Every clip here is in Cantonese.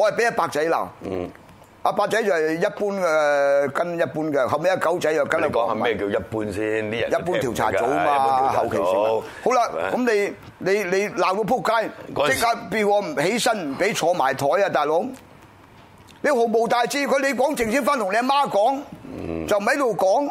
我係俾阿八仔鬧，嗯，阿八仔就係一般嘅，跟一般嘅，後尾阿狗仔又跟。你講係咩叫一般先？啲人一般調查組嘛，後期，好啦，咁你你你鬧到仆街，即刻，俾我唔起身，唔俾坐埋台啊，大佬，你毫無大志，佢你講正先，翻同你阿媽講，就唔喺度講。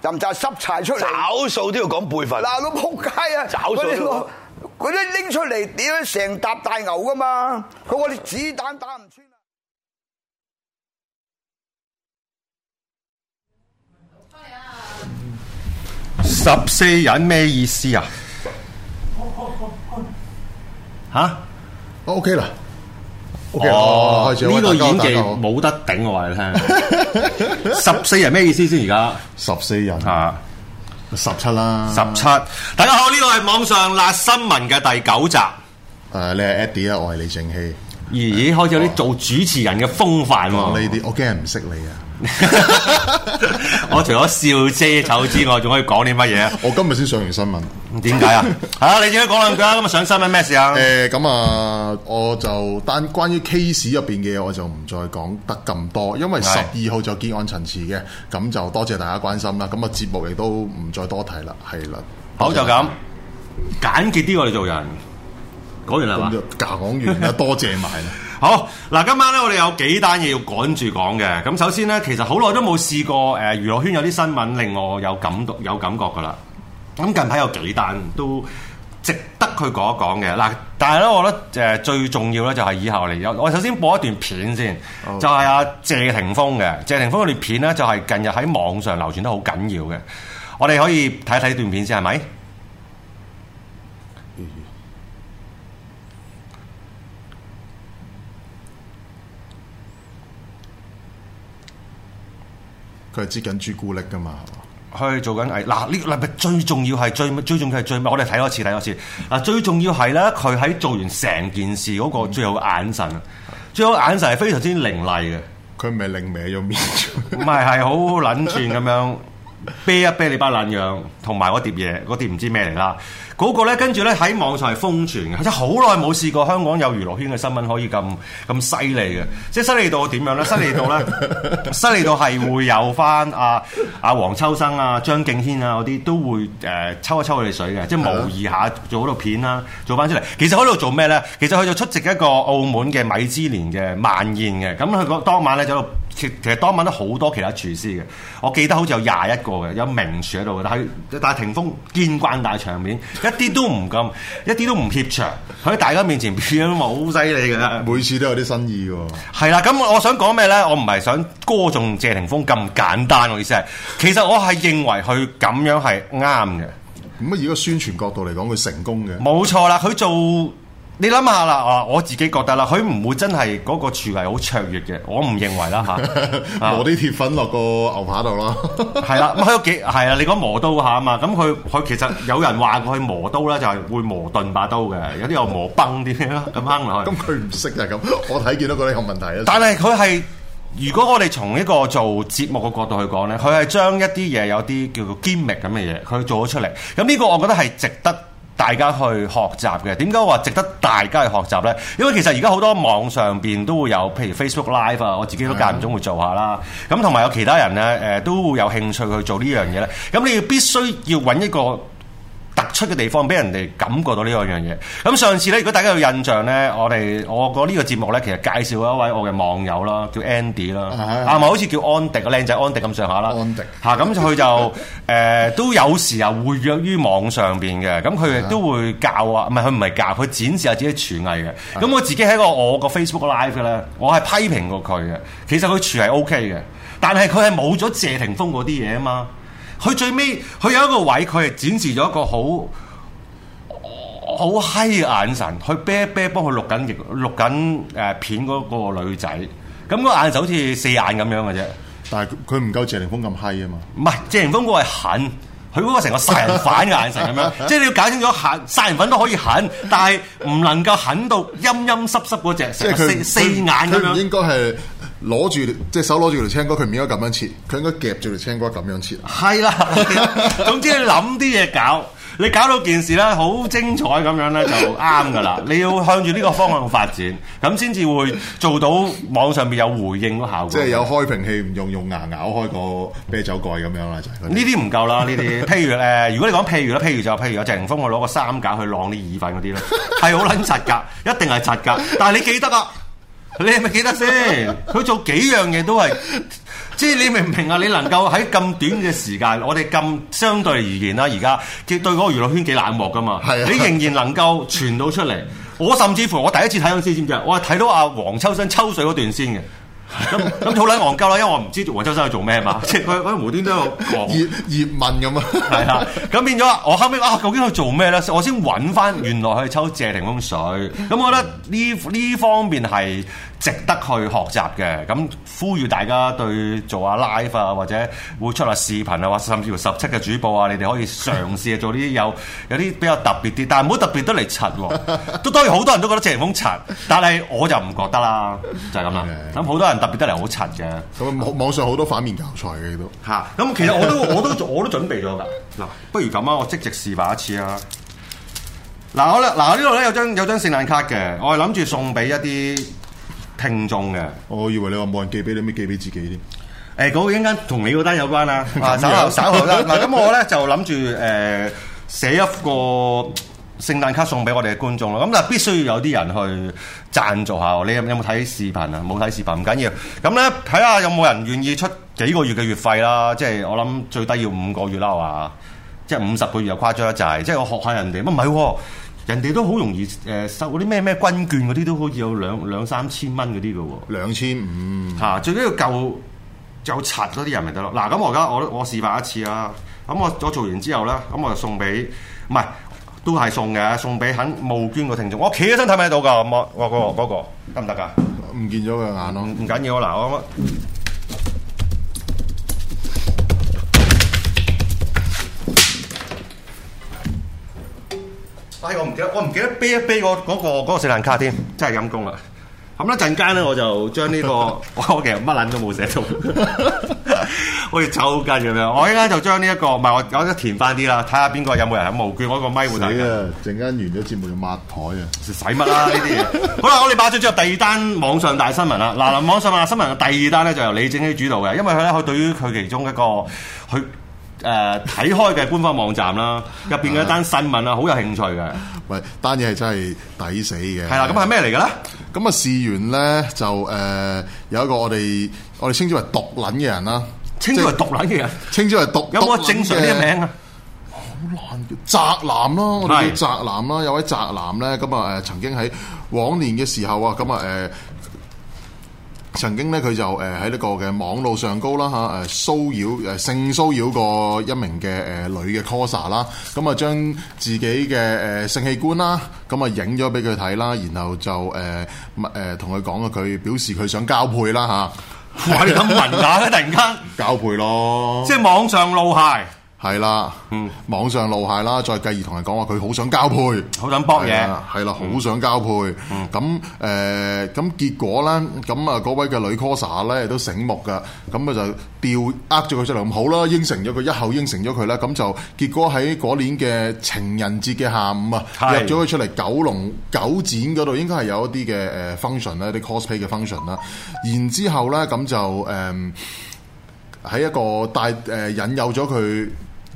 任就濕柴出嚟，找數都要講輩份。嗱，都撲街啊！找數都，嗰啲拎出嚟點樣成沓大牛㗎嘛，佢話子彈打唔穿。十四人咩意思啊？吓？OK 啦。Okay, 哦，開始，呢喂個演技冇得頂我話你聽，十四 人咩意思先？而家十四人啊，十七啦，十七了。大家好，呢度係網上辣新聞嘅第九集。誒、呃，你係 Addie 啊，我係李政熙。咦，開始有啲做主持人嘅風範、啊。呢啲、呃、我驚唔識你啊。 我除咗笑遮醜之外，仲可以講啲乜嘢啊？我今日先上完新聞。點解啊？ 啊，你應該講兩句啦。今日上新聞咩事啊？誒、欸、咁、嗯、啊，我就單關於 case 入邊嘅嘢，我就唔再講得咁多，因為十二號就結案陳詞嘅。咁的就多謝大家關心啦。咁啊，節目亦都唔再多提啦。係啦，好就咁，簡潔啲我哋做人。講完啦嘛，講完啦，多謝埋啦。好嗱，今晚咧我哋有幾單嘢要趕住講嘅。咁首先咧，其實好耐都冇試過誒，娛樂圈有啲新聞令我有感有感覺噶啦。咁近排有幾單都值得去講一講嘅。嗱，但係咧，我覺得誒最重要咧就係以後嚟。我首先播一段片先，好就係阿謝霆鋒嘅謝霆鋒嗰段片咧，就係近日喺網上流傳得好緊要嘅。我哋可以睇睇段片先，係咪？佢係接緊朱古力㗎嘛？佢做緊藝，嗱，呢個禮物最重要係最最重要係最，我哋睇多次睇多次嗱，最重要係咧，佢喺做完成件事嗰個最後眼神，嗯、最後眼神係非常之凌厲嘅。佢唔係凌蔑咗面，唔係係好捻串咁樣。 啤一啤你把爛樣，同埋嗰碟嘢，嗰碟唔知咩嚟啦。嗰、那個咧，跟住咧喺網上係瘋傳嘅，即係好耐冇試過香港有娛樂圈嘅新聞可以咁咁犀利嘅，即係犀利到點樣咧？犀利到咧，犀利 到係會有翻阿阿黃秋生啊、張敬軒啊嗰啲都會誒、呃、抽一抽佢哋水嘅，即係模擬下做好多片啦，做翻、啊、出嚟。其實喺度做咩咧？其實佢就出席一個澳門嘅米芝蓮嘅晚宴嘅，咁佢個當晚咧就。喺度。其實當晚都好多其他廚師嘅，我記得好似有廿一個嘅，有名廚喺度嘅。但係但係霆鋒見慣大場面，一啲都唔咁，一啲都唔怯場，喺大家面前表演都好犀利㗎啦。每次都有啲新意喎。係啦，咁我想講咩咧？我唔係想歌頌謝霆鋒咁簡單，我意思係其實我係認為佢咁樣係啱嘅。咁啊，如果宣傳角度嚟講，佢成功嘅。冇錯啦，佢做。你諗下啦，啊，我自己覺得啦，佢唔會真係嗰個廚藝好卓越嘅，我唔認為啦吓。磨啲鐵粉落個牛排度咯，係啦， 咁喺屋企係啊，你講磨刀吓嘛，咁佢佢其實有人話佢磨刀咧，就係會磨鈍把刀嘅，有啲又磨崩啲咁樣咁坑。咁佢唔識就係咁，我睇見到覺得有問題啊。 但係佢係如果我哋從一個做節目嘅角度去講咧，佢係將一啲嘢，有啲叫做揭秘咁嘅嘢，佢做咗出嚟，咁呢個我覺得係值得大家去學習嘅，點解話值得大家去學習呢？因為其實而家好多網上邊都會有，譬如 Facebook Live 啊，我自己都間唔中會做下啦。咁同埋有其他人呢，誒都會有興趣去做呢樣嘢呢。咁是的 你要必須要揾一個。突出嘅地方俾人哋感覺到呢個樣嘢。咁上次咧，如果大家有印象咧，我哋我個呢個節目咧，其實介紹咗一位我嘅網友啦，叫 Andy 啦，啊咪的的好似叫安迪，安迪，安迪啊，靚仔安迪咁上下啦。安迪嚇咁佢就誒、呃、都有時啊活躍於網上邊嘅。咁佢亦都會教啊，唔係佢唔係教，佢展示下自己廚藝嘅。咁的我自己喺個我個 Facebook Live 咧，我係批評過佢嘅。其實佢廚係 OK 嘅，但係佢係冇咗謝霆鋒嗰啲嘢啊嘛。嗯佢最尾佢有一個位，佢係展示咗一個好好閪嘅眼神，佢啤啤幫佢錄緊錄緊誒片嗰個女仔，咁個眼神好似四眼咁樣嘅啫。但係佢唔夠謝霆鋒咁閪啊嘛。唔係謝霆鋒嗰個係狠，佢嗰個成個殺人犯嘅眼神咁樣， 即係你要搞清楚，狠殺人犯都可以狠，但係唔能夠狠到陰陰濕濕嗰隻，成係四不四眼咁樣。攞住即係手攞住條青瓜，佢唔應該咁樣切，佢應該夾住條青瓜咁樣切。係啦，總之你諗啲嘢搞，你搞到件事咧，好精彩咁樣咧，就啱噶啦。你要向住呢個方向發展，咁先至會做到網上邊有回應嘅效果。即係有開瓶器唔用，用牙咬開個啤酒蓋咁樣啦，就係呢啲唔夠啦，呢啲。譬如誒，如果你講譬如啦，譬如就譬如有謝霆鋒我攞個三架去晾啲意粉嗰啲咧，係好撚柒噶，一定係柒噶。但係你記得啊！你係咪記得先？佢做幾樣嘢都係，即係你明唔明啊？你能夠喺咁短嘅時間，我哋咁相對而言啦，而家對嗰個娛樂圈幾冷漠噶嘛？係啊，你仍然能夠傳到出嚟。我甚至乎我第一次睇嗰陣先知唔知我係睇到阿黃秋生抽水嗰段先嘅。咁咁肚腩戇鳩啦，因為我唔知黃秋生去做咩嘛。即係佢佢無端端講葉葉問咁啊。係啦，咁變咗我後尾啊，究竟佢做咩咧？我先揾翻原來佢抽謝霆鋒水。咁我覺得呢呢方面係。值得去學習嘅，咁呼籲大家對做下 Live 啊，或者會出下視頻啊，或甚至乎十七嘅主播啊，你哋可以嘗試啊，做啲有有啲比較特別啲，但係唔好特別得嚟柒喎。都 當然好多人都覺得謝霆鋒柒，但係我就唔覺得啦，就係咁啦。咁好 多人特別得嚟好柒嘅，咁網上好多反面教材嘅都嚇。咁其實我都我都我都準備咗㗎。嗱， 不如咁啊，我即時示範一次啊。嗱，我咧嗱呢度咧有張有張聖誕卡嘅，我係諗住送俾一啲。聽眾嘅，我以為你話冇人寄俾你，咩寄俾自己添？誒、欸，嗰、那個、單同你嗰單有關 啊，稍後稍後啦。嗱，咁、 啊、我咧就諗住誒寫一個聖誕卡送俾我哋嘅觀眾咯。咁但係必須要有啲人去贊助下我。你有有冇睇視頻啊？冇睇視頻唔緊要。咁咧睇下有冇人願意出幾個月嘅月費啦。即、就、係、是、我諗最低要五個月啦，係嘛？即係五十個月又誇張得滯。即係我學下人哋。乜唔係？啊啊啊啊啊啊人哋都，都好容易誒收嗰啲咩咩軍券嗰啲，都好似有兩兩三千蚊嗰啲噶喎，兩千五嚇，嗯啊，最緊要救救殘咗啲人咪得咯。嗱、啊、咁我而家我我示範一次啊。咁我我做完之後咧，咁我就送俾唔係都係送嘅，送俾肯募捐嘅聽眾。我企起身睇唔睇到噶？我我嗰個得唔得㗎？唔、那個那個啊、見咗佢眼唔、啊、緊要啦、啊。我。啊哎，我唔記得，我唔記得啤一啤、嗰個嗰、嗰個嗰、嗰個食飯卡添，真係陰功啦！咁一陣間咧，我就將呢、呢個，我其實乜撚都冇寫到，好 似抽筋咁樣。我依家就將呢、呢個、一,一個，唔係我，我而家填翻啲啦，睇下邊個有冇人喺無卷我個咪。會睇你啊，陣間完咗節目就抹台啊！食洗乜啦呢啲嘢？好啦，我哋擺咗之後，第二單網上大新聞啦。嗱，網上大新聞嘅第二單咧，就由李政熙主導嘅，因為佢咧，佢對於佢其中一個佢。誒睇、 呃、開嘅官方網站啦，入邊嘅一單新聞啊，好有興趣嘅。喂單嘢係真係抵死嘅。係啦、啊，咁係咩嚟嘅咧？咁啊、嗯，事源咧就誒、呃、有一個我哋我哋稱之為毒撚嘅人啦，稱之為毒撚嘅人，稱之為毒有冇正常啲嘅名啊？好難叫，宅男啦，我哋叫宅男啦，是有位宅男咧，咁啊誒曾經喺往年嘅時候啊，咁啊誒。嗯嗯嗯嗯嗯嗯。曾經咧，佢就誒喺呢個嘅網路上高啦嚇誒騷擾誒性騷擾過一名嘅誒女嘅 coser 啦，咁啊將自己嘅誒性器官啦，咁啊影咗俾佢睇啦，然後就誒誒同佢講啊，佢、呃呃、表示佢想交配啦吓，啊、 哇你咁文雅嘅，突然間 交配咯，即係網上露械。係啦，嗯，網上露械啦，再繼而同人講話佢好想交配，好想搏嘢，了，係啦、嗯，好想交配，咁誒、嗯，咁、嗯呃、結果咧，咁啊嗰位嘅女 coser 咧都醒目噶，咁啊就釣呃咗佢出嚟咁好啦，應承咗佢一口應承咗佢咧，咁就結果喺嗰年嘅情人節嘅下午啊，約咗佢出嚟九龍九展嗰度，應該係有一啲嘅誒 function 咧，啲 cosplay 嘅 function 啦，然之後咧咁就誒喺一個帶誒引誘咗佢。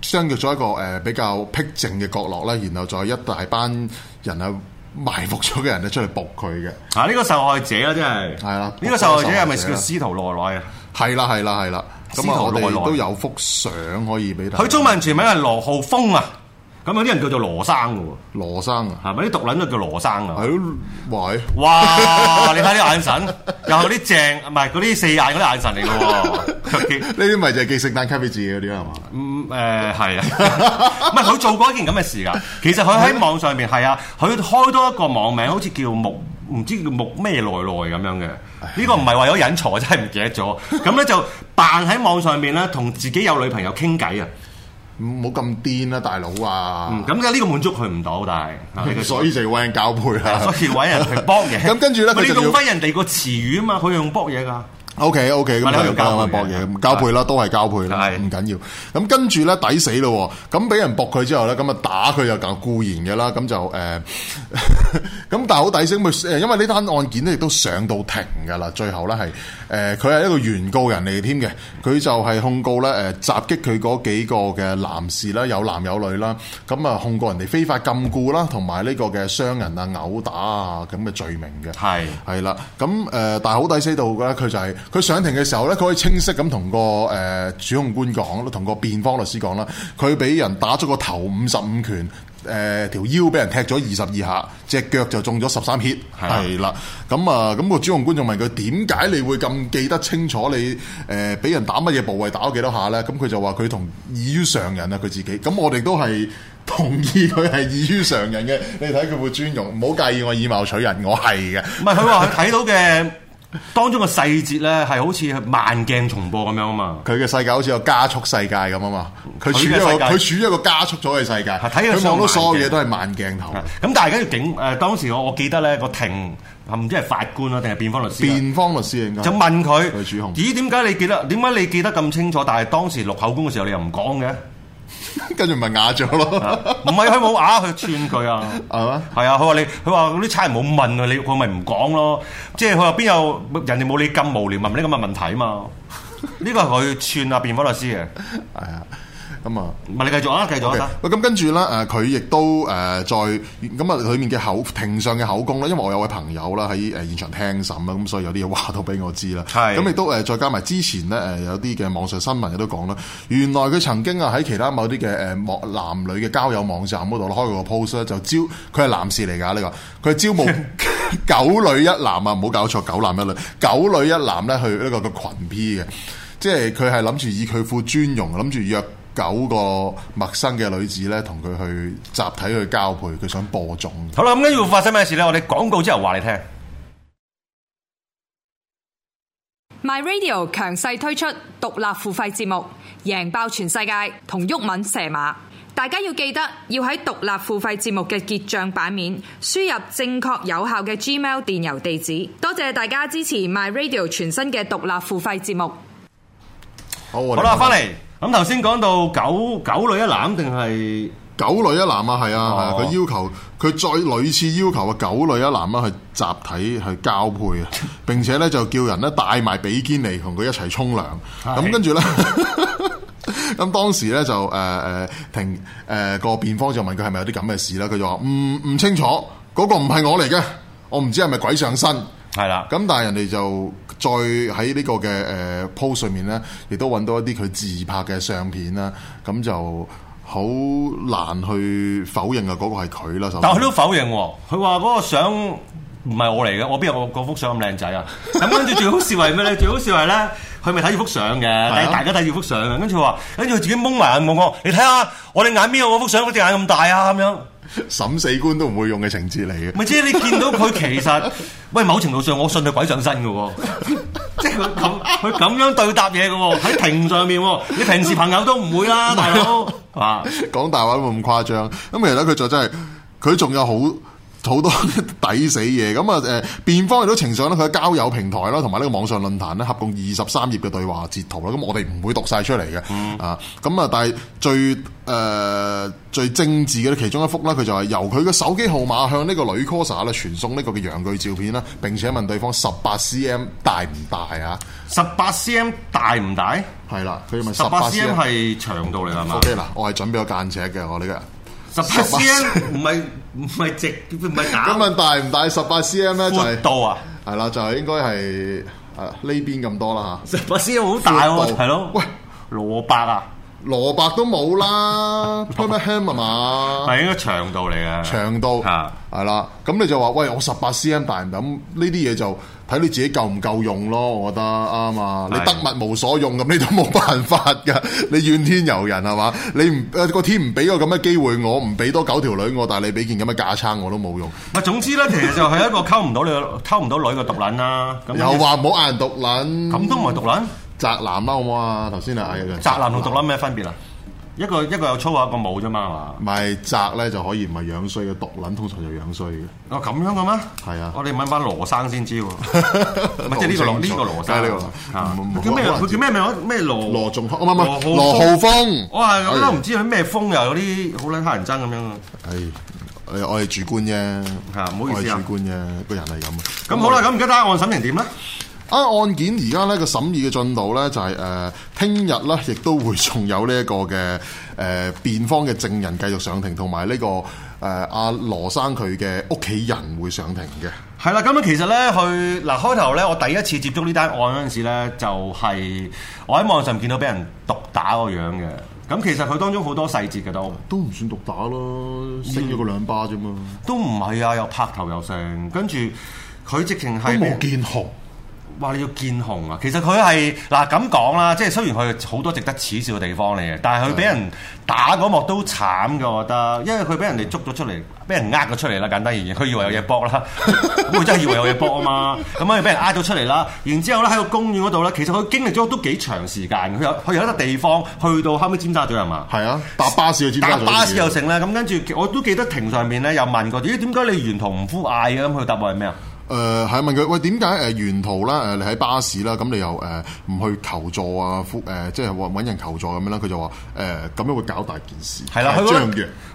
相約咗一個誒比較僻靜嘅角落咧，然後再一大班人啊埋伏咗嘅人咧出嚟捕佢嘅。啊，呢、呢個受害者咧、啊、真係係啦，呢個受害者係咪叫司徒羅來啊？係啦係啦係啦，咁啊我哋都有幅相可以俾佢。佢中文全名係羅浩峰啊。咁有啲人叫做羅生噶喎，羅生啊，係咪啲毒撚都叫羅生啊？係、哎、喂！哇！你睇啲眼神，又係啲正，唔係嗰啲四眼嗰啲眼神嚟噶？呢啲咪就係寄聖誕卡俾自己嗰啲係嘛？是是嗯，誒、呃，係啊，唔係佢做過一件咁嘅事噶。其實佢喺網上面係啊，佢開多一個網名，好似叫木唔知叫木咩來來咁樣嘅。呢、這個唔係為咗引財，真係唔記得咗。咁咧就扮喺網上面啦，同自己有女朋友傾偈啊。唔好咁癲啦，大佬啊！咁嘅呢個滿足佢唔到，但係所以就揾人交配啦，啊， 所以揾人去幫嘅。咁 跟住咧，佢哋用翻人哋個詞語啊嘛，佢用幫嘢噶。O K O K 咁咪搏嘢，咁交配啦，都係交配啦，唔緊要。咁跟住咧抵死咯，咁俾人駁佢之後咧，咁啊打佢又講固然嘅啦，咁就誒，咁但係好抵死，因為呢單案件咧亦都上到庭噶啦，最後咧係誒，佢係一個原告人嚟添嘅，佢就係控告咧誒襲擊佢嗰幾個嘅男士啦，有男有女啦，咁啊控告人哋非法禁錮啦，同埋呢個嘅傷人啊、毆打啊咁嘅罪名嘅，係係啦，咁誒但係好抵死到咧，佢就係。佢上庭嘅時候呢，佢可以清晰咁同個誒、呃、主控官講，同個辯方律師講啦。佢俾人打咗個頭五十五拳，誒、呃、條腰俾人踢咗二十二下，隻腳就中咗十三血。i 係是、啊、啦，咁、嗯、啊，咁、呃、個主控官就問佢，點解你會咁記得清楚，你誒俾、呃、人打乜嘢部位打咗幾多下呢？嗯」咁佢就話佢同，意於同意異於常人啊，佢自己。咁我哋都係同意佢係異於常人嘅。你睇佢會尊容，唔好介意我以貌取人，我係嘅。唔係佢話睇到嘅。 當中嘅細節咧，係好似慢鏡重播咁樣啊嘛。佢嘅世界好似有加速世界咁啊嘛。佢處於佢處於一個加速咗嘅世界。睇到所有嘢都係慢鏡頭。咁但係跟住警，誒、呃、當時我我記得咧個庭，唔知係法官啊定係辯方律師。辯方律師應該。就問佢：咦，點解你記得？點解你記得咁清楚？但係當時錄口供嘅時候，你又唔講嘅？ 跟住咪啞咗咯，唔係佢冇啞，去串佢啊，係、 啊啊、嘛？係啊，佢話你，佢話嗰啲差人冇問啊，你佢咪唔講咯。即係佢話邊有人哋冇你咁無聊問呢咁嘅問題啊嘛？呢個係佢串啊，辯方律師嘅，係 啊。咁啊，咪你繼續啊，繼續 okay,、嗯、啊！喂，咁跟住咧，誒，佢亦都誒，再咁啊，裏面嘅口庭上嘅口供咧，因為我有位朋友啦喺誒現場聽審啦，咁所以有啲嘢話到俾我知啦。係是，咁亦、嗯、都誒、呃、再加埋之前咧，誒、呃、有啲嘅網上新聞亦都講啦，原來佢曾經啊喺其他某啲嘅誒網男女嘅交友網站嗰度咧開個 post 咧，就招佢係男士嚟㗎呢個，佢、啊、係招募九女一男啊，唔好 搞錯九男一女，九女一男咧去呢個嘅群 P 嘅，即係佢係諗住以佢副尊容，諗住約,約。九個陌生嘅女子咧，同佢去集體去交配，佢想播種。好啦，咁跟住發生咩事咧？我哋廣告之後話你聽。My Radio 強勢推出獨立付費節目，贏爆全世界，同毓民蛇馬。大家要記得要喺獨立付費節目嘅結賬版面輸入正確有效嘅 Gmail 電郵地址。多謝大家支持 My Radio 全新嘅獨立付費節目。好，看看好啦，翻嚟。咁頭先講到九九女一男定係九女一男啊？係啊係啊，佢要求佢，再屢次要求啊九女一男啊，去集體去交配啊，並且咧就叫人咧帶埋比堅尼同佢一齊沖涼。咁、啊、跟住咧，咁是的 當時咧就誒誒，停誒個辯方就問佢係咪有啲咁嘅事啦？佢就話唔唔清楚，嗰、嗰個唔係我嚟嘅，我唔知係咪鬼上身。係啦，咁但係人哋就再喺呢個嘅誒 post 上面咧，亦都揾到一啲佢自拍嘅相片啦，咁就好難去否認啊嗰、嗰個係佢啦。但佢都否認，佢話嗰個相唔係我嚟嘅，我邊有我幅相咁靚仔啊？咁跟住最好視為咩咧？最好視為咧，佢咪睇住幅相嘅，大家睇住幅相嘅，跟住佢話，跟住佢自己蒙埋眼望我，你睇下我哋眼邊有我幅相嗰隻眼咁大啊咁樣。審死官都唔會用嘅情節嚟嘅，咪即係你見到佢其實， 喂，某程度上我信佢鬼上身嘅、哦， 即係佢咁佢咁樣對答嘢嘅喎，喺庭上面，你平時朋友都唔會啦，大佬，啊，講 吧 大話都咁誇張，咁其實呢佢就真係，佢仲有好。好很多 抵死嘢咁啊！誒、呃，辯方亦都呈上咧，佢嘅交友平台啦，同埋呢個網上論壇咧，合共二十三頁嘅對話截圖啦。咁我哋唔會讀晒出嚟嘅啊！咁、嗯、啊，但係最誒、呃、最精緻嘅其中一幅啦，佢就係由佢嘅手機號碼向呢個女 coser 咧傳送呢個嘅陽具照片啦，並且問對方十八 cm 大唔大啊？十八 cm 大唔大？係啦，佢問十八 cm 係長度嚟係嘛？嗱、okay，我係準備咗間尺嘅，我呢個十八 cm 唔係。唔係直，唔係假？咁 問大唔大？十八 CM 咧就係、是、多啊，係啦，度 就係應該係誒呢邊咁多啦吓。十八 CM 好大喎，係咯？喂，蘿蔔啊，蘿蔔都冇啦 prime ham 啊嘛，係應該長度嚟嘅，長度吓係啦。咁你就話喂，我十八 CM 大唔大？咁呢啲嘢就。睇你自己夠唔夠用咯，我覺得啱啊！你得物無所用咁，你都冇辦法噶。你怨天尤人係嘛？你唔個、啊、天唔俾我咁嘅機會我，我唔俾多九條女我，我但係你俾件咁嘅架撐，我都冇用。唔係，總之咧，其實就係一個溝唔到你溝唔 到女嘅獨撚啦。又話唔好嗌人獨撚，咁都唔係獨撚，宅男啦好唔好啊！頭先啊，嗯、宅男同獨撚咩分別啊？一個一個有粗話，一個冇啫嘛，係嘛？唔係窄咧就可以唔係樣衰嘅，毒撚通常就樣衰嘅。哦，咁樣嘅咩？係啊！我哋問翻羅生先知喎，唔即係呢個呢個羅生。即係呢個。叫咩？佢叫咩名？咩羅羅仲？唔唔唔，羅浩峰。我係我都唔知佢咩峰，又有啲好鬼乞人憎咁樣。係，我係主觀啫，吓，唔好意思啊。主觀啫，個人係咁。咁好啦，咁而家睇下案審成點啦。啊！案件而家呢個審議嘅進度、就是呃、呢，就係誒，聽日呢亦都會仲有呢、這、一個嘅誒、呃、辯方嘅證人繼續上庭，同埋呢個誒阿、呃、羅生佢嘅屋企人會上庭嘅。係啦，咁樣其實呢，佢嗱開頭呢我第一次接觸呢單案嗰陣時咧，就係、是、我喺網上見到俾人毒打個樣嘅。咁其實佢當中好多細節嘅都都唔算毒打咯，咗、嗯、個兩巴啫嘛。都唔係啊，又拍頭又成，跟住佢直情係冇見紅。哇！你要見紅啊？其實佢係嗱咁講啦，即係雖然佢好多值得恥笑嘅地方嚟嘅，但係佢俾人打嗰幕都慘㗎，我覺得。因為佢俾人哋捉咗出嚟，俾人呃咗出嚟啦，簡單而言，佢以為有嘢搏啦，佢 真係以為有嘢搏啊嘛。咁啊、 嗯，俾人呃咗出嚟啦，然之後咧喺個公園嗰度咧，其實佢經歷咗都幾長時間。佢有佢有一笪地方去到後尾尖沙咀係嘛？係啊，搭巴士去尖沙咀，搭巴士又成咧。咁跟住我都記得庭上面咧又問過，咦點解你沿途唔呼嗌嘅？咁佢答案係咩啊？誒，係、呃、問佢喂，點解誒沿途啦，誒、呃、你喺巴士啦，咁、嗯、你又誒唔、呃、去求助啊？誒、呃，即係搵人求助咁樣啦。佢、嗯、就話誒，咁、呃、樣會搞大件事，係啦，佢覺得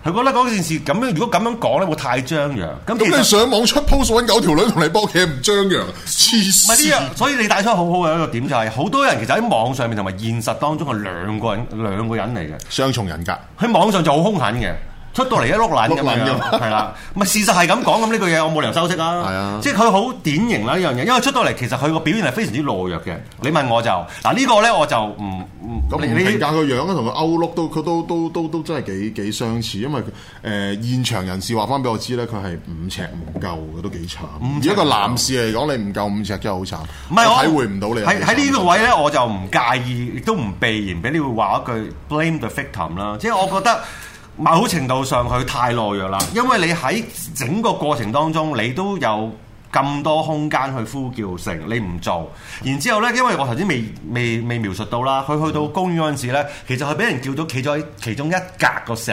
佢弱覺得嗰件事咁樣，如果咁樣講咧，會太張揚。咁咁你上網出 post 搵狗條女同你播機唔張揚，黐線。唔係呢樣，所以你帶出好好嘅一個點，點就係、是，好多人其實喺網上面同埋現實當中係兩個人兩個人嚟嘅，雙重人格。喺網上就好兇狠嘅。出到嚟一碌爛咁樣，係啦，咪事實係咁講咁呢句嘢，我冇理由收息啦，即係佢好典型啦呢樣嘢，因為出到嚟其實佢個表現係非常之懦弱嘅。你問我就嗱呢個咧，我就唔咁你睇下個樣啦，同佢歐碌都佢都都都都真係幾幾相似，因為誒現場人士話翻俾我知咧，佢係五尺唔夠嘅，都幾慘。如果一個男士嚟講，你唔夠五尺真係好慘，唔係我體會唔到你喺呢個位咧，我就唔介意，亦都唔避嫌俾你會話一句 blame the victim 啦，即係我覺得。某程度上佢太懦弱啦，因為你喺整個過程當中，你都有咁多空間去呼叫，成你唔做。然之後咧，因為我頭先未未未，未描述到啦，佢去到公園嗰陣時咧，嗯、其實佢俾人叫到企咗其中一格個石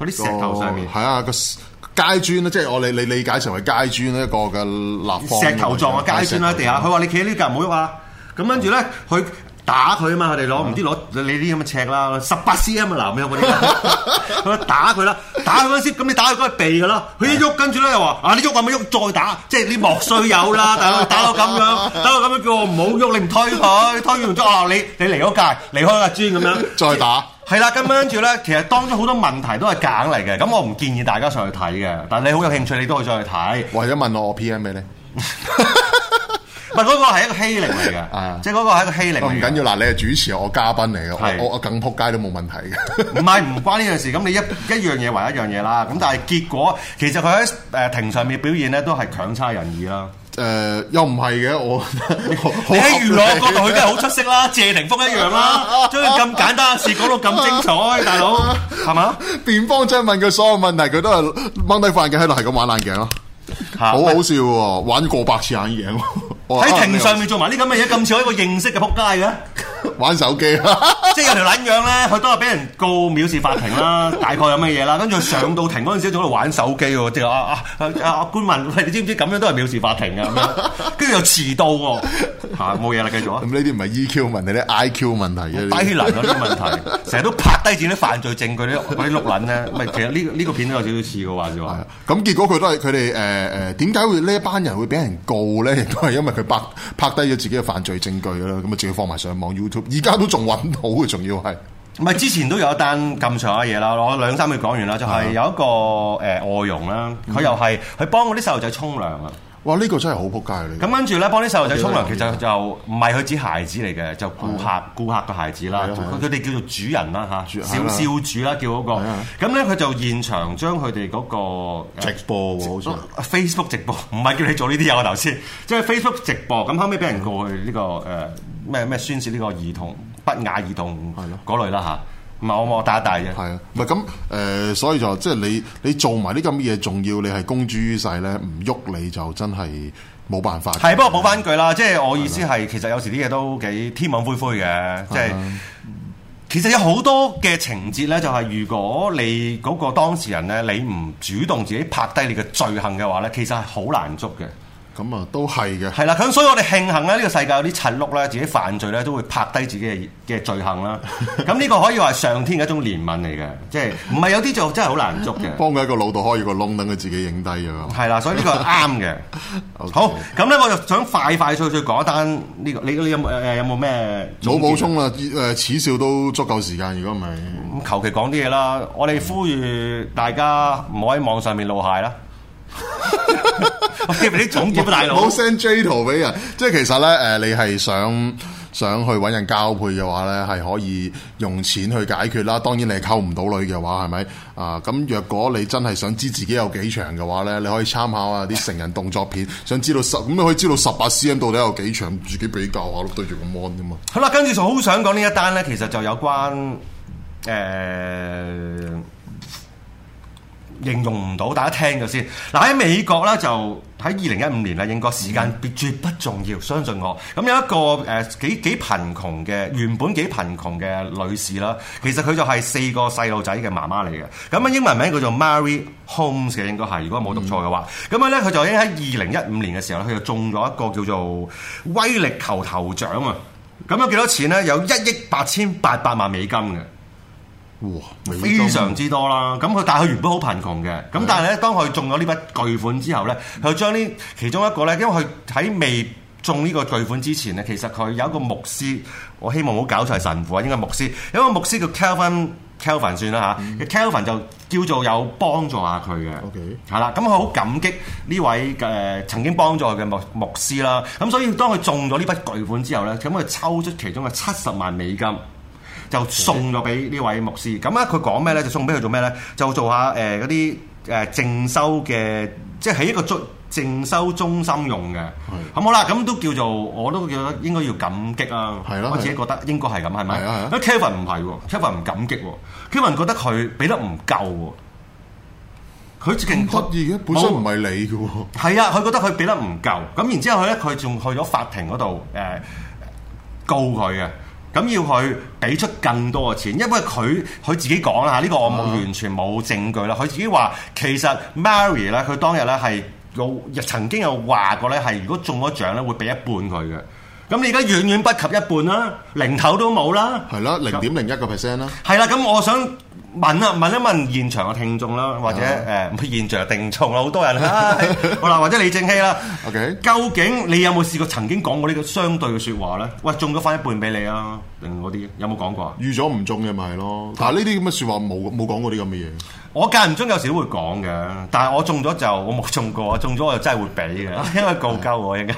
嗰啲、哦、石頭上面。係啊，個街磚咧，即係我哋理你理解成為街磚一個嘅立。石頭狀嘅街磚啦，地下。佢話你企喺、嗯、動呢格唔好喐啊！咁跟住咧，佢。打佢啊嘛，佢哋攞唔知攞你啲咁嘅尺啦，十八 CM 嘅男嘅嗰啲，打佢啦，打佢先。咁你打佢嗰個鼻嘅啦。佢一喐跟住咧又話：啊，你喐咁咪喐，再打，即係你莫須有啦，大佬打到咁樣，打到咁樣叫我唔好喐，你唔推佢，推完仲捉我，你、啊、你，你離咗界，離開嗰個磚咁樣，再打。係啦，咁樣跟住咧，其實當中好多問題都係揀嚟嘅，咁我唔建議大家上去睇嘅，但係你好有興趣，你都可以上去睇。為咗問我我 PM 咩咧？ 唔係嗰個係一個欺凌嚟嘅，啊、即係嗰個係一個欺凌，啊。唔緊要，嗱，你係主持我嘉賓嚟嘅，我是我更仆街都冇問題嘅。唔係唔關呢樣事，咁你一一樣嘢為一樣嘢啦。咁但係結果其實佢喺誒庭上面表現咧，都係強差人意啦。誒、呃，又唔係嘅，我，我你喺娛樂角度，佢都係好出色啦。謝霆鋒一樣啦，啊，將咁簡單嘅事講到咁精彩，啊啊，大佬係嘛？辯方將問佢所有問題，佢都係掹低塊鏡喺度，係咁玩眼鏡咯。好 好笑喎，玩過百次眼鏡。喺、哦、庭上面做埋啲咁嘅嘢，咁似 一個認識嘅扑街嘅。玩手機啦， 即係有條撚樣咧，佢都係俾人告藐視法庭啦，大概有乜嘢啦，跟住上到庭嗰陣時仲喺度玩手機喎，即係啊啊啊官民，你知唔知咁樣都係藐視法庭嘅？跟住 又遲到喎，冇嘢啦，繼續啊！咁呢啲唔係 EQ 問題，啲 IQ 問,問題，啲低能嗰問題，成日都拍低自己啲犯罪證據啲碌撚咧，唔其實呢、這、呢、個這個片都有少少似嘅話就話，咁結果佢都係佢哋誒誒點解會呢一班人會俾人告咧？亦都係因為佢拍拍低咗自己嘅犯罪證據啦，咁啊仲要放埋上網上 YouTube。而家都仲揾到嘅，仲要係，唔係之前都有一單咁長嘅嘢啦，我兩三句講完啦，就係、是、有一個誒外、呃、傭啦，佢又係佢幫嗰啲細路仔沖涼啊！哇，呢、這個真係好撲街你。咁跟住咧，幫啲細路仔沖涼，其實就唔係佢指孩子嚟嘅，就顧客、嗯、顧客嘅孩子啦，佢哋、嗯、叫做主人啦嚇，的小少主啦，叫嗰、那個。咁咧佢就現場將佢哋嗰個直播 Facebook 直播，唔係叫你做呢啲嘢啊，頭先、哦，即係 Facebook 直播，咁、就是、後尾俾人過去呢、這個誒。呃咩咩宣泄呢個兒童不雅兒童嗰類啦吓，唔係我冇打大啫。係啊，唔係咁誒，所以就即係你你做埋呢咁嘅嘢，仲要你係公諸於世咧，唔喐你就真係冇辦法。係不過補翻句啦，即係我意思係，其實有時啲嘢都幾天網恢恢嘅，即係其實有好多嘅情節咧，就係如果你嗰個當事人咧，你唔主動自己拍低你嘅罪行嘅話咧，其實係好難捉嘅。咁啊，都係嘅。係啦，咁所以我哋慶幸咧，呢個世界有啲賊碌咧，自己犯罪咧都會拍低自己嘅嘅罪行啦。咁呢個可以話係上天嘅一種憐憫嚟嘅，即係唔係有啲就真係好難捉嘅。幫佢喺個腦度開住個窿，等佢自己影低咗。係啦，所以呢個係啱嘅。 Okay 好，咁咧我就想快快脆脆講一單呢個，你你有冇有冇咩？有有早補充啦，誒、呃、恥笑都足夠時間，如果唔係。咁求其講啲嘢啦，我哋呼籲大家唔好喺網上面露械啦。我叫 你總結 大佬，唔好 send J 圖俾人。 即係其實咧，誒、呃，你係想想去揾人交配嘅話咧，係可以用錢去解決啦。當然你係溝唔到女嘅話，係咪啊？咁、呃、若果你真係想知自己有幾長嘅話咧，你可以參考下啲成人動作片，想知道十咁 你可以知道十八 CM 到底有幾長，自己比較下、啊、咯，對住個 mon 啫嘛。好啦，跟住就好想講呢一單咧，其實就有關誒。呃形容唔到，大家聽咗先。嗱，喺美國咧，就喺二零一五年咧，應該時間別絕不重要，相信我。咁有一個誒、呃、幾幾貧窮嘅，原本幾貧窮嘅女士啦，其實佢就係四個細路仔嘅媽媽嚟嘅。咁嘅英文名叫做 Mary Holmes 嘅，應該係，如果冇讀錯嘅話。咁樣咧，佢就已經喺二零一五年嘅時候咧，佢就中咗一個叫做威力球頭獎啊！咁有幾多錢咧？有一億八千八百萬美金嘅。哇，非常之多啦！咁佢但係佢原本好貧窮嘅，咁是的 但係咧，當佢中咗呢筆巨款之後咧，佢將呢其中一個咧，因為佢喺未中呢個巨款之前咧，其實佢有一個牧師，我希望冇搞錯神父啊，應該牧師，有一個牧師叫 Kelvin，Kelvin 算啦嚇，Kelvin 就叫做有幫助下佢嘅，係啦 Okay，咁佢好感激呢位誒曾經幫助佢嘅牧牧師啦。咁所以當佢中咗呢筆巨款之後咧，咁佢抽出其中嘅七十萬美金。就送咗俾呢位牧師，咁啊佢講咩咧？就送俾佢做咩咧？就做下誒嗰啲誒靜修嘅，即係喺一個靜修中心用嘅。咁好啦，咁都叫做我都覺得應該要感激啊。係咯，我自己覺得應該係咁，係咪？阿 Kevin 唔係喎，Kevin 唔感激喎，Kevin 覺得佢俾得唔夠喎。佢竟然得意嘅，本身唔係你嘅喎。係啊，佢覺得佢俾得唔夠，咁然之後咧，佢仲去咗法庭嗰度誒告佢嘅。咁要佢俾出更多嘅錢，因為佢佢自己講啦，呢個我完全冇證據啦。佢自己話其實 Mary 咧，佢當日咧係曾經有話過咧，係如果中咗獎咧，會俾一半佢嘅。咁你而家遠遠不及一半啦，零頭都冇啦。係啦，零點零一個 percent 啦。係啦，咁我想問啊，問一問現場嘅聽眾啦，或者誒唔係現場定重啊、 哎，好多人啦，嗱，或者李政熙啦，Okay? 究竟你有冇試過曾經講過呢個相對嘅説話咧？喂，中咗返一半俾你啊，定嗰啲有冇講過啊？預咗唔中嘅咪係咯。嗱，呢啲咁嘅説話冇冇講過啲咁嘅嘢。我間唔中有時都會講嘅，但係我中咗就我冇中過，我中咗我就真係會俾嘅，因為告鳩喎應該。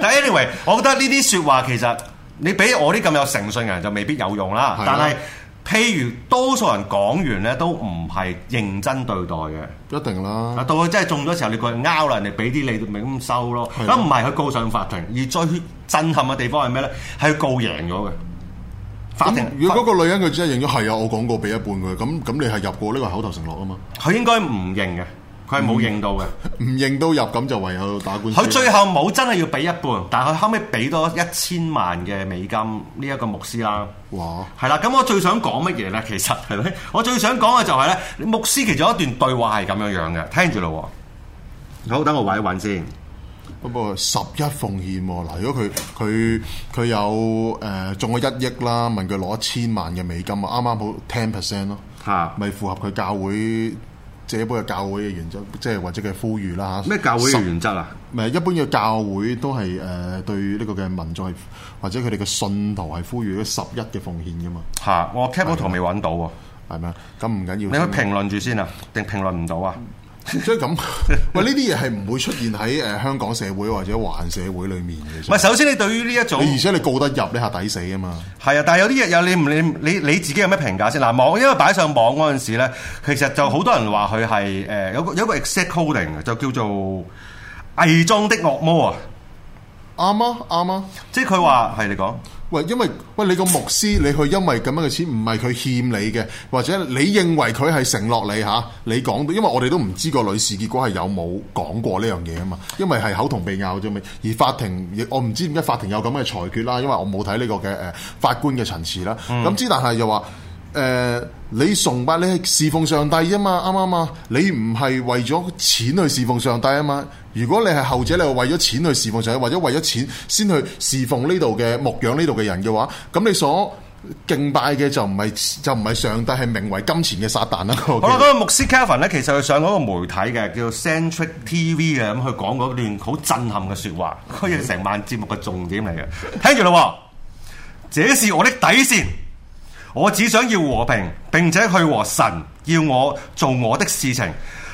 但係 anyway，我覺得呢啲説話其實你俾我啲咁有誠信人就未必有用啦。的但係譬如多數人講完咧都唔係認真對待嘅，一定啦。到佢真係中咗時候， 你過去拗啦，人哋俾啲你咪咁收咯。咁唔係佢告上法庭，而最震撼嘅地方係咩咧？係佢告贏咗嘅。如果嗰個女人佢真係認咗，係啊庭，我講過俾一半佢。咁咁你係入過呢個口頭承諾啊嘛。佢應該唔認嘅，佢係冇認到嘅、嗯，唔 認到入咁就唯有打官司。佢最後冇真係要俾一半，但係佢後尾俾多一千萬嘅美金呢一、這個牧師啦。哇！係啦，咁我最想講乜嘢咧？其實係咪？我最想講嘅就係、是、咧，牧師其實有一段對話係咁樣樣嘅，聽住啦。好，等我玩一玩先。不過十一奉獻喎、啊、嗱，如果佢佢佢有誒、呃、中咗一億啦，問佢攞一千萬嘅美金剛剛啊，啱啱好 ten percent 咯，咪符合佢教會這般嘅教會嘅原則，即係或者佢呼籲啦、啊、嚇。咩教會嘅原則啊？咪一般嘅教會都係誒、呃、對呢個嘅民眾，或者佢哋嘅信徒係呼籲一十一嘅奉獻噶嘛。嚇，我 capital 未揾到喎，係咪啊？咁唔緊要。你可以評論住先啊，定評論唔到啊？所以咁，喂，呢啲嘢係唔會出現喺誒香港社會或者華人社會裏面嘅。唔係，首先你對於呢一種，而且你告得入你下抵死啊嘛。係啊，但係有啲嘢有你唔你你你自己有咩評價先嗱？網、啊、因為擺上網嗰陣時咧，其實就好多人話佢係誒有個有個 exact coding 嘅，就叫做偽裝的惡魔啊。阿、啊、媽，阿媽，即係佢話係你講。喂，因為喂你個牧師，你去因為咁樣嘅錢，唔係佢欠你嘅，或者你認為佢係承諾你吓、啊，你講到，因為我哋都唔知個女士，結果係有冇講過呢樣嘢，啊嘛，因為係口同鼻拗啫嘛。而法庭亦我唔知點解法庭有咁嘅裁決啦，因為我冇睇呢個嘅誒、呃、法官嘅陳詞啦。咁之、嗯、但係又話誒，你崇拜你係侍奉上帝啫嘛，啱唔啱啊？你唔係為咗錢去侍奉上帝啊嘛。如果你係後者，你係為咗錢去侍奉上帝，或者為咗錢先去侍奉呢度嘅牧養呢度嘅人嘅話，咁你所敬拜嘅就唔係就唔係上帝，係名為金錢嘅撒旦啦。我得好啦，嗰個牧師 Kevin 咧，其實佢上嗰個媒體嘅，叫 Centric TV 嘅，咁佢講嗰段好震撼嘅説話，佢係成晚節目嘅重點嚟嘅，聽住啦。這是我的底線，我只想要和平，並且去和神，要我做我的事情。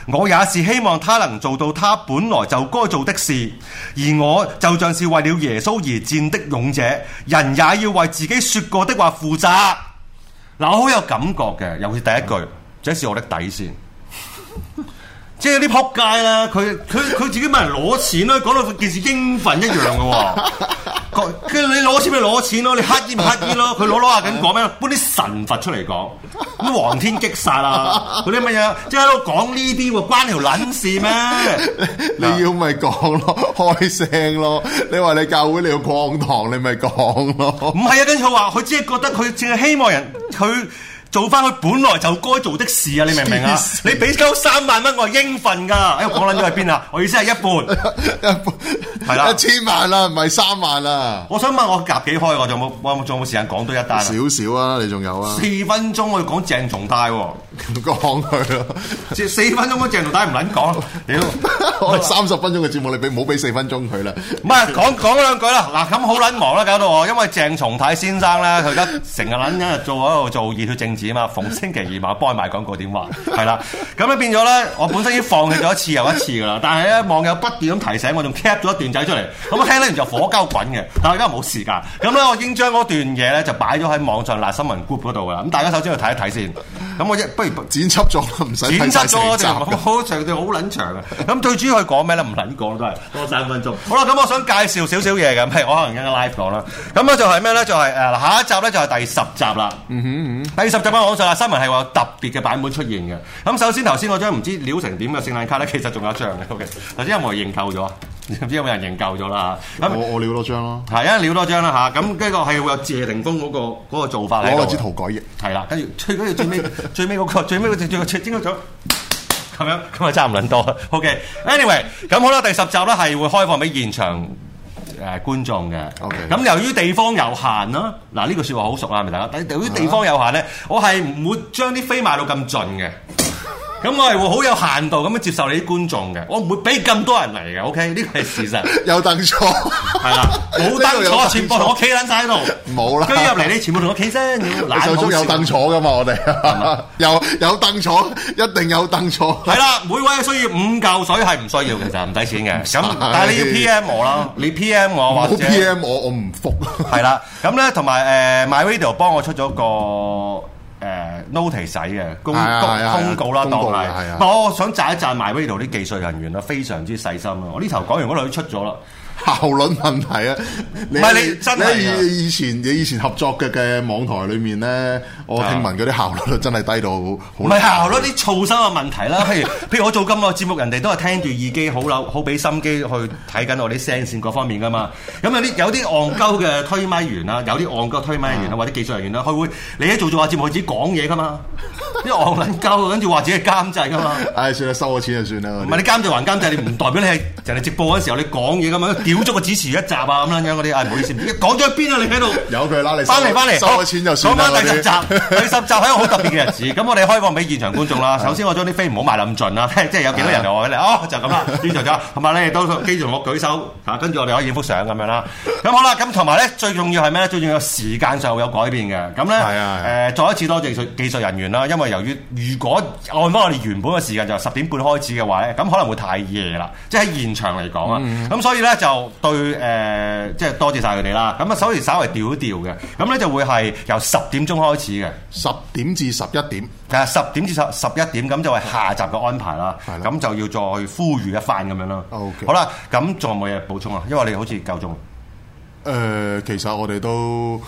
我也是希望他能做到他本來就該做的事，而我就像是為了耶穌而戰的勇者。人也要為自己說過的話負責。嗱，我好有感覺嘅，尤其是第一句，這是我的底線。即係有啲撲街啦，佢佢佢自己問人攞錢咯、啊，講到件事應份一樣嘅、啊、喎。佢 你攞錢咪攞錢咯、啊，你乞兒咪乞兒咯。佢攞攞下緊講咩、啊？搬啲神佛出嚟講，咁皇天擊殺啦、啊，嗰啲乜嘢？即係喺度講呢啲喎，關你條撚事咩？你要咪講咯，開聲咯。你話你教會你要逛堂，你咪講咯。唔係啊，跟住佢話，佢只係覺得佢淨係希望人佢。做翻佢本來就該做的事啊！你明唔明啊？經你俾鳩三萬蚊我係應份噶？哎，講撚咗喺邊啊？我意思係一半， 一半係啦，一 了千萬啦，唔係三萬啦。我想問我夾幾開還有冇？我仲有冇時間講多一單？少少啊，你仲有啊？四分鐘我要講鄭松泰喎、啊。講佢咯，四分鐘都鄭松泰唔捻講，屌，哎、 三十分鐘嘅節目你俾唔好俾四分鐘佢啦，唔係講講兩句啦，嗱咁好捻忙啦搞到我，因為鄭松泰先生咧，佢而家成日捻緊做喺度做熱血政治啊嘛，逢星期二晚幫佢賣廣告點話，係啦，咁咧變咗咧，我本身已經放棄咗一次又一次噶啦，但係咧網友不斷咁提醒我，仲 cap 咗一段仔出嚟，咁我聽咧就火膠滾嘅，但係而家冇時間，咁咧我已經將嗰段嘢咧就擺咗喺網上辣辛聞 group 嗰度啦，咁大家首先去睇一睇先，咁我一剪輯咗唔使，剪輯咗好長段，好撚長啊！咁最主要佢講咩咧？唔撚講都係多三分鐘。好啦，咁我想介紹少少嘢嘅，譬如我可能而家 live 講啦。咁咧就係咩咧？就係、是、誒下一集咧就係第十集啦。嗯哼嗯，第十集咧講曬啦，新聞係話特別嘅版本出現嘅。咁首先頭先我張唔知料成點嘅聖誕卡咧，其實仲有一張嘅。OK，頭先有冇認購咗？唔知有冇人認舊咗啦，咁我我料多張咯，係啊，料多張啦嚇，咁呢個係會有謝霆鋒嗰個嗰、那個做法，攞嚟支塗改液，係啦，跟住最跟住最尾、那個、 最尾嗰、那個最尾嗰段最應該咁樣，咁啊差唔撚多，OK，anyway，、okay，咁好啦，第十集咧係會開放俾現場誒觀眾嘅，OK，咁由於地方有限啦，嗱呢句説話好熟啊，咪大家，但由於地方有限咧，是啊、我係唔會將啲飛賣到咁盡嘅。咁我係會好有限度咁樣接受你啲觀眾嘅，我唔會俾咁多人嚟嘅，OK？呢個係事實。 有凳坐係啦，冇凳坐，全部同我企喺晒喺度。冇啦了，跟住入嚟你全部同我企先。手有凳坐噶嘛？我哋 有有凳坐，一定有凳坐。係 啦，每位需要五嚿水係唔需要， 其實唔使錢嘅。咁，但係你要 PM 我啦，你 PM 我或者。冇 PM 我，我唔服。係 啦，咁咧同埋誒、呃、，MyRadio 幫我出咗個。誒 note 嘢嘅公公，公，公告啦，告當係是，唔係我想讚一讚埋 MyRadio 啲技術人員啦，非常之細心啊！我呢頭講完嗰度都出咗啦。效率問題啊！唔係你，你真係以前以前合作嘅嘅網台裏面咧，我聽聞嗰啲效率真係低到好的。唔係效率啲噪音嘅問題啦，譬如 譬如我做咁個節目，人哋都係聽住耳機，好好俾心機去睇緊我啲聲線各方面噶嘛。咁啊啲有啲戇鳩嘅推咪員啊，有啲戇鳩推咪員啊，員 或者技術人員啦，佢會你一做做下節目，佢自己講嘢噶嘛，啲戇鳩跟住話自己監製噶嘛。唉， 算啦，收咗錢就算啦。唔係 你監製還監製，你唔代表你係人哋直播嗰時候你講嘢噉樣。 屌足個主持一集啊咁樣樣嗰啲，誒唔好意思，你講咗去邊啊？你喺度？有佢拉你翻嚟翻嚟，收錢就收翻第十集，第十集係一個好特別嘅日子。咁我哋開放俾現場觀眾啦。首先我將啲飛唔好賣咁盡啦，即係有幾多人嚟我俾你，哦就咁啦，呢就咁。同埋你都記住我舉手嚇，跟住我哋可以影幅相咁樣啦。咁好啦，咁同埋咧最重要係咩咧？最重要時間上會有改變嘅。咁咧誒，再一次多謝技術人員啦，因為由於如果按翻我哋原本嘅時間就十點半開始嘅話咧，咁可能會太夜啦，即係喺現場嚟講啊。咁所以咧就對誒、呃，即係多謝晒佢哋啦。咁、嗯、啊，首先稍為調一調嘅，咁、嗯、咧就會係由十點鐘開始嘅，十點至十一點，誒，十點至十十一點，咁就係下集嘅安排啦。咁了就要再呼籲一番咁樣咯。Okay. 好啦，咁仲有冇嘢補充啊？因為你好似夠鐘。誒、呃，其實我哋都。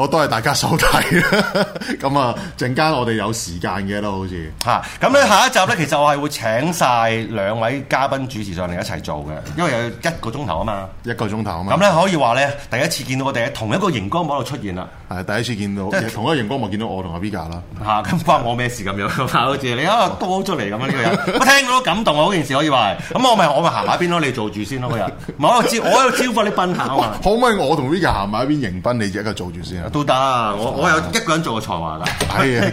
我都係大家手提啦，咁啊陣間我哋有時間嘅啦，好似嚇咁咧，下一集咧，其實我係會請晒兩位嘉賓主持上嚟一齊做嘅，因為有一個鐘頭啊嘛，一個鐘頭啊嘛，咁咧可以話咧第一次見到我哋喺同一個熒光幕度出現啦，係第一次見到，同一個熒光幕見到我同阿 Vika 啦，嚇咁，關我咩事咁樣？好似你啊，多出嚟咁樣呢個人，我聽到都感動啊！嗰件事可以話，咁我咪我咪行埋一邊咯，你做住先咯，嗰日，我招我招呼你賓客啊，嘛。可唔可以我同 Vika 行埋一邊迎賓，你一係做住先啊？都得，我我有一個人做嘅才華啦，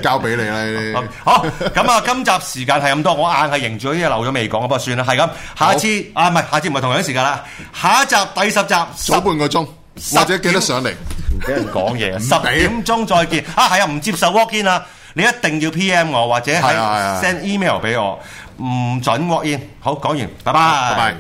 交俾你啦。好，咁啊，今集時間係咁多，我硬係凝住啲嘢留咗未講，不過算啦，係咁。下次啊，唔係下次唔係同樣時間啦。下一集第十集早半個鐘，或者記得上嚟唔記得講嘢。十點鐘再見啊，係啊，唔接受 walk in 啊，你一定要 PM 我或者 send email 俾我，唔準 walk in。好，講完，拜，拜拜。